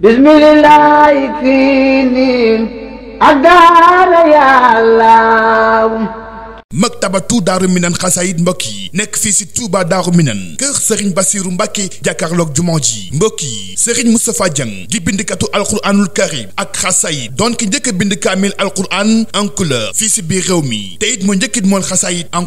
بسم الله يكفيني أقدر يا الله maktabatu daaru minan xasaayit mbokk yi nekk fii si Touba daaru minan kër sëriñ basiiru mbàkke jàkkaarloog jumaa ji mbokk yi sëriñ Moustapha Dieng di bindikatu alquraanul ak xasaayit donc njëkk a bind kaamil alquraan en couleur fii si biir réew mi te it moo njëkkit moon xasaayit en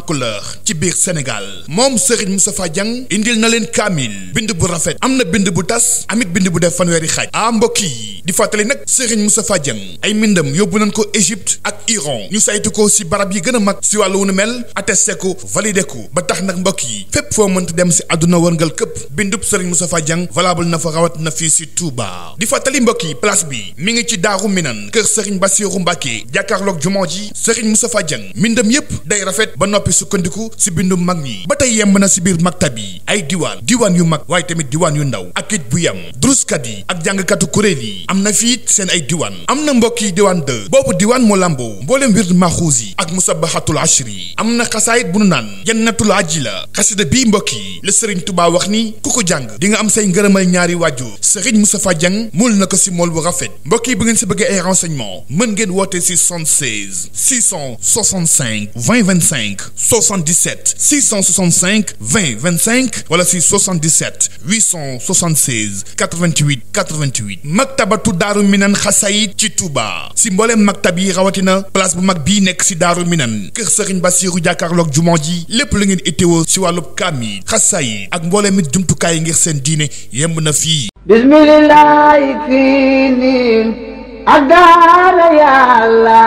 ci biir Sénégal moom sëriñ Moustapha Dieng indil na leen kaamil bind bu rafet am na bind bu tas amit bind bu def fanweeri xaaj ah mbokk yi di fàttali nag sëriñ Moustapha Dieng ay mbindam yóbbu nañ ko Égypte ak Iran ñu saytu ko si barab gën wàllu wu nu mel attesté ko validé ba tax nag mbokk yi fépp foo mënta dem si àdduna wërngal këpp bindub Serigne Moustapha Dieng valable na fa rawat na fii si Touba di fàttali mbokk yi place bi mi ngi ci Daaru Minan kër Serigne Bassirou Mbacké jàkkaarloog jumaa ji Serigne Moustapha Dieng mbindam yépp day rafet ba noppi sukkandiku si bindu mag ñi ba tey yemb na si biir maktab yi ay diwaan diwaan yu mag waaye tamit diwaan yu ndaw ak it bu yem druskat yi ak jàngkatu kuréel yi am na fii seen ay diwaan am na mbokk yi diwaan 2 boobu diwaan moo làmboo mbooleem wird maxuus yi ak musabahatul ash Bichri am na xasaayit bu nu naan jannatul ajila xasida bii mbokk yi la sëriñ tubaa wax ni ku ko jàng di nga am say ngërëmal ñaari waajur sëriñ Moustapha Dieng mul na ko si mool bu rafet mbokk yi bu ngeen si bëggee ay renseignement mën ngeen woote si 76 si 77 876 88 maktabatu daaru minan xasaayit ci Touba si mbooleem maktab yi rawatina place bu mag bii nekk si daaru minan kër Serigne Bassirou jàkkaarloog jumaa ji lépp lu ngeen itteewoo si wàllub kaam yi ak mbooleem it jumtukaay yi ngir seen diine yemb na fii bismillahi fii nii ak daara yàlla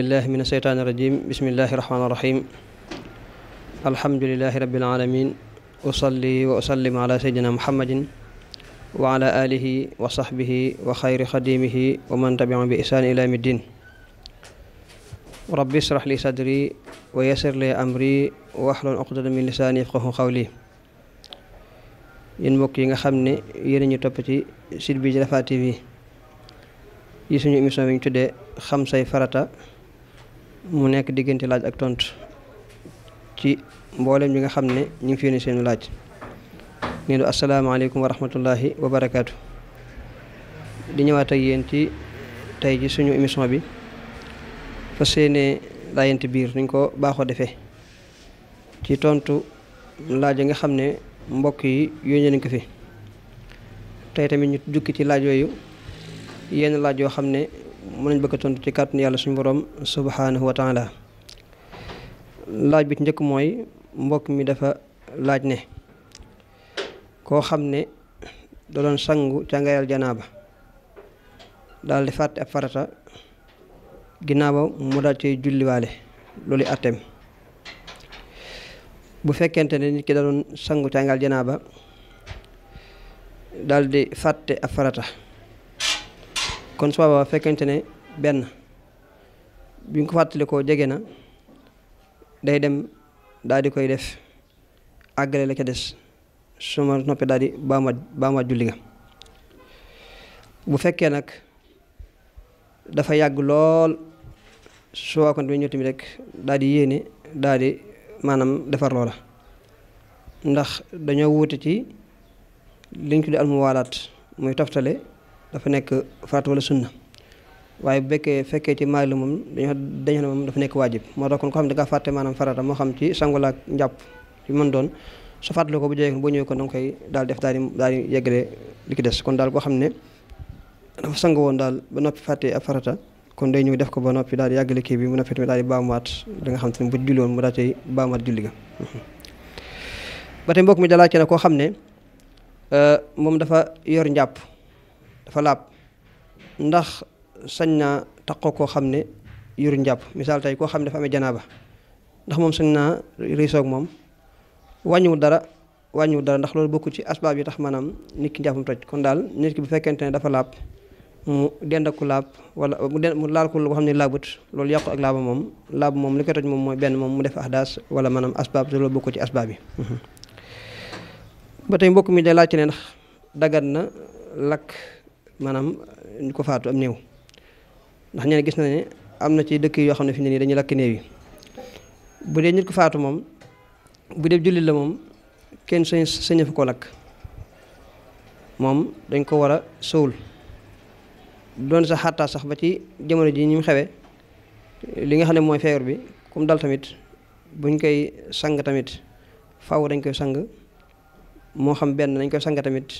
billahi min asheytaani irajim bismillahi irahmaani irahim alhamdulilahi rabbil alamin usalli wa usallim ala seydina muhammadin wa ala alihi wa sahbihi wa xayri xadimihi wa man tabiaa bi ihsaan ila yawmi ddin rabbi israh li sadri wa yassir li amri wahlul uqdatan min lisaani yafqahu qawli yéen mbokk yi nga xam ne yéen ñu topp ci site bi Rafah TV yi suñu émission bi ñu tuddee xam say farata mu nekk diggante laaj ak tontu ci mboolem ñi nga xam ne ñu ngi fi laaj nee du asalaamaaleykum wa rahmatullahi wa barakaatu di ñëwaat ak yéen ci tey ji suñu émission bi fa seenee laayante biir nuñ ko baaxoo defee ci tontu laaj yi nga xam ne mbokk yi yónnee nañ ko fi tey tamit ñu jukki ci laaj yooyu yenn laaj yoo xam ne mën nañ bëgg a tontu ci kàttanu yàlla suñu borom subhaanahu wa laaj bi ci njëkk mooy mbokk mi dafa laaj ne koo xam ne da doon sangu càngayal janaaba daal di fàtte ab farata ginnaaw mu dal ci julliwaale loolu atteem bu fekkente ne nit ki da doon sangu càngayal janaaba daal di fàtte ab farata kon su boobaa fekkente ne benn bi nga ko fàttalikoo jege na day dem daal di koy def àggale la ca des su ma noppee daal di baamaat baamaat julli ga bu fekkee nag dafa yàgg lool su waa kon bi ñëw tamit rek daal di yéene daal di maanaam defar loola ndax dañoo wuute ci liñ tuddee almuwaalaat muy toftale dafa nekk farata wala sunna waaye bu fekkee fekkee ci maali moom dañoo dañoo ne moom dafa nekk waajib moo tax kon ko xam ne da ngaa fàtte moo xam ci sangu laak njàpp ci doon su fàttalikoo bu jëlee boo ñëwee kon koy daal def daal di li ki des kon daal koo xam ne dafa sang woon daal ba noppi fàtte ab farata kon day ñëw def ko ba noppi daal di yàggale kii bi mu noppi tamit daal di baamuwaat da nga xam te ne bu julli woon mu daal di baamuwaat julli ga ba tey mbokk mi da laajte ne koo xam ne euh, moom dafa yor njàpp dafa laab ndax sañ naa taqoo koo xam ne yuru njàpp misaal tey koo xam ne dafa amee janaaba ndax moom sañ naa riisoog moom wàññiwul dara wàññiwul dara ndax loolu bokku ci asbaab yi tax maanaam nit ki njàppam toj kon daal nit ki bu fekkente ne dafa laab mu dend ak ku laab wala mu den mu laal ko loo xam ne laabut loolu yàqu ak moom laab moom li ko toj moom mooy benn moom mu def ahdaas wala maanaam asbaab te loolu bokku ci asbaab yi mhm. ba tey mbokk mi day laajte ne ndax dagat lakk maanaam ñu ko faatu am néew ndax ñeneen gis na ne am na ci dëkk yoo xam ne fi ne nii dañuy lakk néew yi bu dee nit ko faatu moom bu dee jullit la moom kenn sëñ sañ fa ko lakk moom dañ ko war a sowul doon sa xàttaa sax ba ci jamono ji ñu mu xewe li nga xam ne mooy feebar bi comme dal tamit buñ koy sang tamit faw dañ koy sang moo xam benn dañ koy sang tamit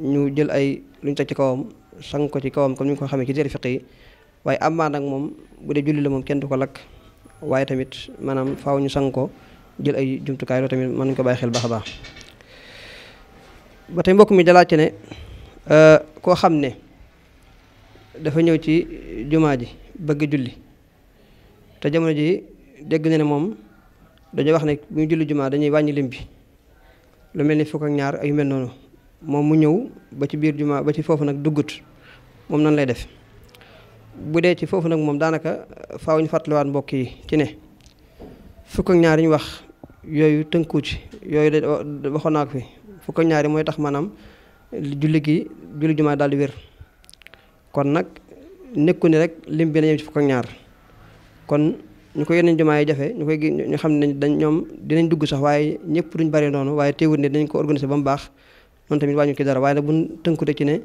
ñu jël ay lu ñu teg ci kawam sang ko ci kawam comme ni ñu ko xamee ci téere fiq yi waaye amaa nag moom bu dee julli la moom kenn du ko lakk waaye tamit maanaam faw ñu sang ko jël ay jumtukaay loolu tamit mën nañu ko bàyyi xel baax mbokk mi dalaat ci euh, koo xam ne dafa ñëw ci jumaa ji bëgg julli te jamono ji dégg na ne moom dañuy wax ne bu ñu julli jumaa dañuy wàññi lim bi lu mel ni fukk ak ñaar ak yu mel noonu moom mu ñëw ba ci biir jumaa ba ci foofu nag duggut moom nan lay def bu dee ci foofu nag moom daanaka faaw ñu fàttaliwaat mbokk yi ci ne fukk ñaar yi ñu wax yooyu tënku ci yooyu de waxoon naa fukk ak mooy tax maanaam julli gi julli jumaa daal di wér kon nag nekku ni rek lim bi na ñëw fukk ak ñaar kon ñu ko yeneen jumaa yi jafe ñu koy ñu xam ne dañ ñoom dinañ dugg sax waaye ñëpp duñ bari noonu waaye teewul ne dañ ko organiser ba mu baax noonu tamit wàññu ki dara waaye nag bu tënkute ci ne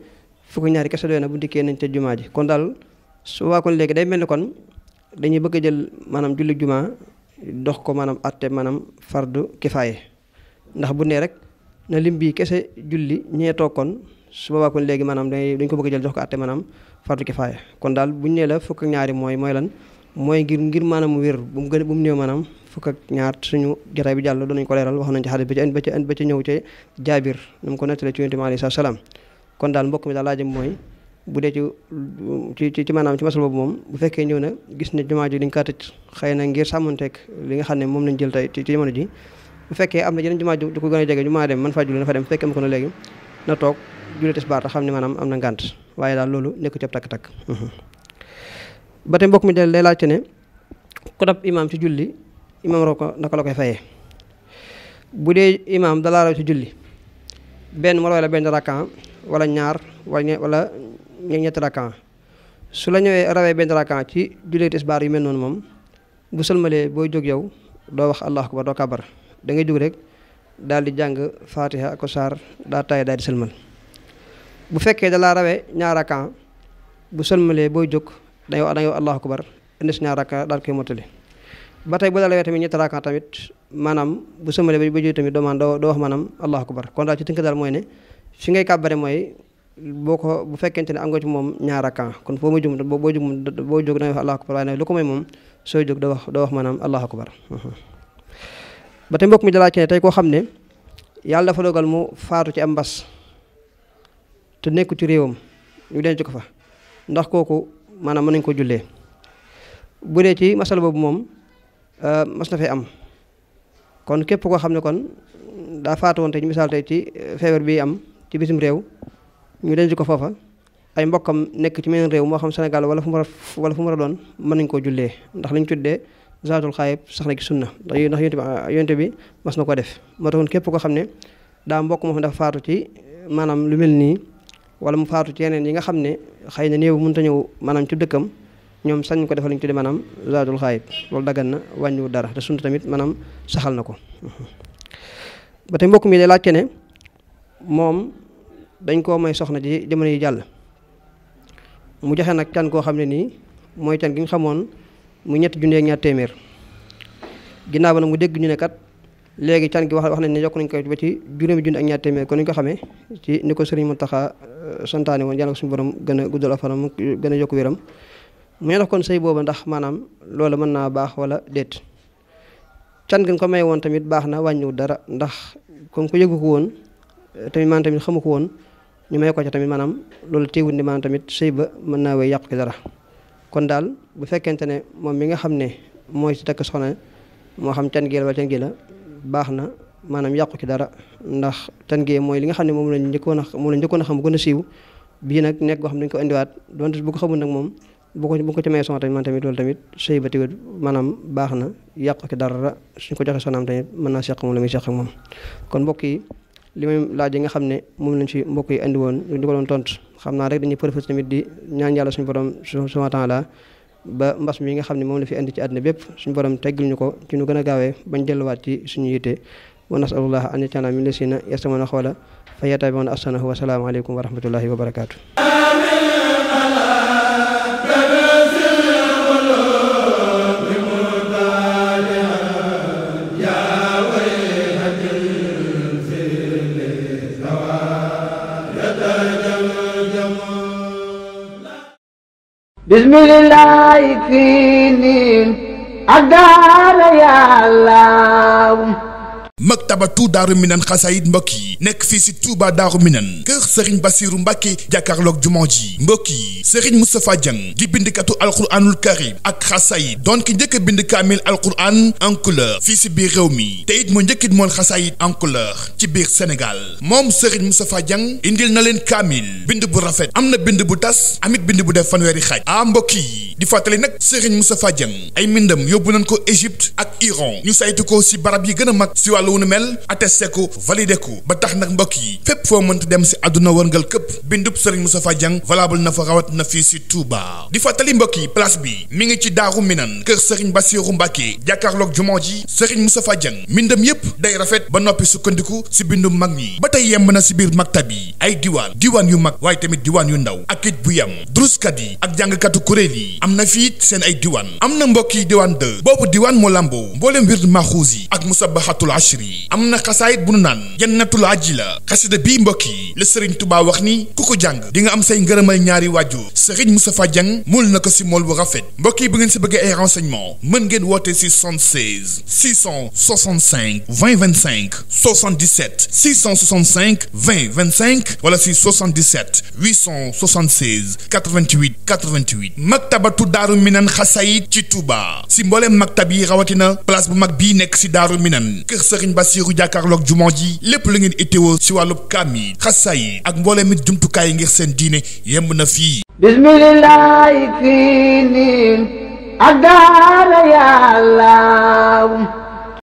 fukki ñaari kese doy na bu dikkee nañ ca jumaa ji kon daal su waa kon léegi day mel ni kon dañuy bëgg a jël maanaam julli jumaa dox ko maanaam atte maanaam fardu kifaaye ndax bu nee rek na lim bii kese julli ñee toog kon su boobaa kon léegi maanaam dañ ko bëgg jël dox ko atte maanaam fardu kifaaye kon daal buñ nee la fukk ñaari mooy mooy lan mooy ngir ngir maanaam wér bu mu gën bu mu new maanaam fukk ak ñaar suñu jotaay bi jàll doon nañu ko ci xadis bi ci an ba ci an ba ci ñëw ci jaabir nu mu ko nettalee ci yonent bu dee ci ci ci maanaam ci masal boobu moom bu nga xam ne moom lañ jël tey ci jamono ji bu fekkee am na jumaa ju ko gën a jege jumaa dem man faa julli na fa dem bu fekkee am ko na léegi na toog julli tisbaar te xam ne maanaam am na ngànt waaye daal loolu nekku ci ab takk-takk ba tey mbokk mi da lay laajte ne ku imaam ci julli imaam raw ko naka la koy fayee bu dee imaam dalaa raw ci julli benn mu raw la benn rakkan wala ñaar wala wala ñetti rakkan su la ñëwee rawee benn rakkan ci julli tisbaar yu mel noonu moom bu sëlmalee booy jóg yow doo wax allahu akbar doo kabar da jóg rek dal di jàng fatiha ak saar daa taay daal di sëlmal bu fekkee dalaa rawee ñaar rakkan bu sëlmalee booy jóg da ngay wax allahu akbar indi si ñaar rakkan daal koy mottali ba tey bu dalawee tamit ñetti raaka tamit maanaam bu sëmale ba jóge tamit doo maan doo doo wax maanaam allahu akbar kon daal ci tënk daal mooy ne fi ngay kàbbare mooy boo ko bu fekkente ne am nga ci moom ñaara raaka kon foo ma jum boo jum boo jóg da ngay wax allahu akbar waaye nag ko may moom sooy jóg doo wax doo wax maanaam allahu akbar ba tey mbokk mi dalaa ci ne tey koo xam ne yàlla dafa dogal mu faatu ci am mbas te nekku ci réewam ñu denc ko fa ndax kooku maanaam mën nañ ko jullee bu dee ci masal boobu moom Euh, mas na fee am kon képp koo xam ne kon daa faatu woon te misaal tey ci euh, feebar bi am ci bisim réew ñu denc ko foofa ay mbokkam nekk ci meneen réew moo xam Sénégal wala fu mu wala fu mu a doon mën nañ koo jullee ndax li tuddee zaatul xaayib sax na ci sunna ndax ndax yonte ah, bi mas na ko def moo taxoon képp koo xam ne daa mbokk moo xam dafa faatu ci maanaam lu mel nii wala mu faatu ci yeneen yi nga xam ne xëy na néew mun ta ñëw maanaam ci dëkkam ñoom sañ ko defal li ci tuddee maanaam zaadul xaayib loolu daggan na wàññiwul dara te sunna tamit maanaam saxal na ko ba tey mbokk mi day laajte ne moom dañ koo may soxna ci jamono yi jàll mu joxe nag can koo xam ne nii mooy can gi ñu xamoon mu ñetti junni ak ñaar téeméer ginaaw ba nag mu dégg ñu ne kat léegi can gi wax wax nañ ne yokk nañ ko ba ci juróomi junni ak ñaar téeméer kon ko xamee ci ni ko sëriñ mu Muntaxa euh, santaane woon yàlla ko suñu borom gën a guddal afanam gën a yokk wéram ngay dox kon sëy boobu ndax maanaam loolu mën naa baax wala déet can gën ko may woon tamit baax na wàññiwul dara ndax comme ko woon eh, tamit maanaam tamit xamu ko woon ñu may ko tamit maanaam loolu téewul ni tamit sëy ba mën naa wéy yàqu ci dara kon daal bu fekkente ne moom mi nga xam ne mooy ci takk soxna moo xam can gi la wala can la baax na maanaam yàqu ci dara ndax can gi mooy li nga xam ne moom lañ njëkkoon a moom lañ njëkkoon a xam gën a siiw bii nag nekk ko xam dañ ko indiwaat donte bu ko xamul nag moom bu ko bu ko ci may son tamit man tamit loolu tamit sëy ba tamit maanaam baax na yàq ki dara suñ ko joxe sonaam tamit mën naa seq moom la muy seq moom kon mbokk yi li may laaj yi nga xam ne moom lañ ci mbokk yi andi woon di ko xam naa rek dañuy profité tamit di ñaan yàlla suñu borom subhanahu ba mbas mi nga xam ne moom la fi indi ci àddina bépp suñu borom teggil ñu ko ci ñu gën a gaawee bañ delluwaat ci suñu yitte wa nasalullah an yaj'alana min lasina yastamuna xawla fa yattabi'una ahsanahu wa salaamu aleykum wa rahmatullahi wa barakaatu بسم الله يكفيني أقدار يا الله maktabatu daaru minan xasaayit mbokk yi nekk fii si Touba daaru minan kër sëriñ basiiru mbàkke jàkkaarloog jumaa ji mbokk yi sëriñ moustapha jang di bindikatu alquraanul karim ak xasaayit doon ki njëkk bind kaamil alquraan en couleur fii si biir réew mi te it moo njëkkit moon xasaayit en couleur ci biir sénégal moom sëriñ moustapha jang indil na leen kaamil bind bu rafet am na bind bu tas amit bind bu def fanweeri xaaj ah mbokk yi di fàttali nag sëriñ moustapha jang ay mbindam yóbbu na ko égypte ak iran ñu saytu ko si ba yi gën a mag si wàllu wu nu mel attesté ko validé ko ba tax nag mbokk yi fépp foo mënta dem si àdduna wërngal këpp bindub Serigne Moustapha Dieng valable na fa rawat na fii si Touba di fàttali mbokk yi place bi mi ngi ci Daaru Minan kër Serigne Bassirou Mbacké jàkkaarloog jumaa ji Serigne Moustapha Dieng mbindam yépp day rafet ba noppi sukkandiku si bindu mag ñi ba tey yemb na si biir maktab yi ay diwaan diwaan yu mag waaye tamit diwaan yu ndaw ak it bu yem druskat yi ak jàngkatu kuréel yi am na fii seen ay diwaan am na mbokk yi diwaan 2 diwaan moo làmboo mbooleem wird maxuus ak musabahatul yi am na xasaayit bu nu naan jannatul aji la xasida bii mbokk la sëriñ tubaa wax ni ku ko jàng di nga am say ngërëmal ñaari waajur sëriñ Moustapha Dieng mul na ko si mool bu rafet mbokk yi bu ngeen si bëggee ay renseignement mën ngeen woote si 76 665 20 25 77 665 20 25 wala si 77 876 88 88 maktabatu daaru minan xasaayit ci Touba si mbooleem maktab yi rawatina place bu mag bii nekk si daaru minan kër sëriñ sëriñ Basiiru jàkkaarloog jumaa ji lépp lu ngeen itteewoo si wàllub kaam yi xasaa ak mbooleem it jumtukaay yi ngir seen diine yemb na fii bismillaahi fii nii ak daara yàlla